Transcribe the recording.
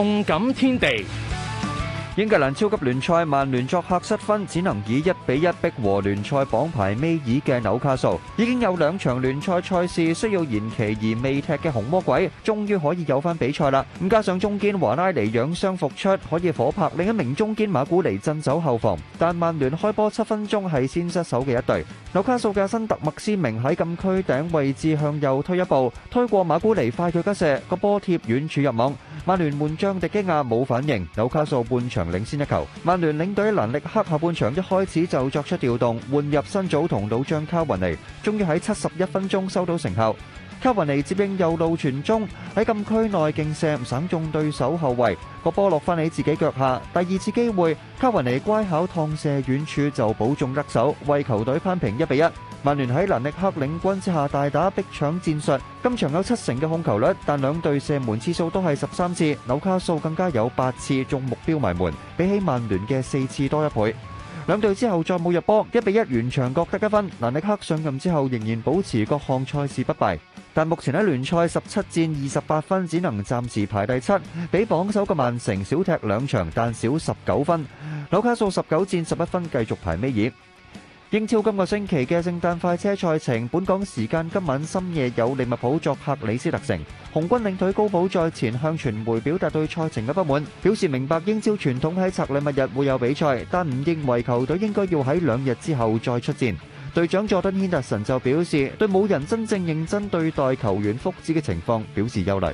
動感天地，英格蘭超級聯賽，曼聯作客失分，只能以一比一逼和聯賽榜排尾二嘅紐卡素。已經有兩場聯賽賽事需要延期而未踢嘅紅魔鬼，終於可以有翻比賽啦！咁加上中堅華拉尼養傷復出可以火拍，另一名中堅馬古尼鎮守後防。但曼聯開波七分鐘係先失守嘅一隊，紐卡素嘅辛特麥斯明喺禁區頂位置向右推一步，推過馬古尼快腳一射，個波貼遠處入網。曼聯門將迪基亞冇反應，紐卡素半場領先一球。曼聯領隊蘭歷克下半場一開始就作出調動，換入辛祖同老將卡雲尼，終於喺七十一分鐘收到成效。卡雲尼接應右路傳中，喺禁區內勁射，唔省中對手後衛，個波落返喺自己腳下。第二次機會，卡雲尼乖巧趟射遠處就補中得手，為球隊扳平一比一。曼聯喺蘭歷克領軍之下大打逼搶戰術，今場有七成嘅控球率，但兩隊射門次數都係十三次，紐卡素更加有八次中目標埋門，比起曼聯嘅四次多一倍。兩隊之後再冇入波，一比一完場各得一分。蘭歷克上任之後仍然保持各項賽事不敗，但目前喺聯賽十七戰二十八分，只能暫時排第七，比榜首嘅曼城少踢兩場，但少十九分。紐卡素十九戰十一分，繼續排尾二。英超今個星期嘅聖誕快車賽程，本港時間今晚深夜有利物浦作客里斯特城。紅軍領隊高普在前向傳媒表達對賽程嘅不滿，表示明白英超傳統喺拆禮物日會有比賽，但唔認為球隊應該要喺兩日之後再出戰。隊長佐敦軒達臣就表示對冇人真正認真對待球員福祉嘅情況表示憂慮。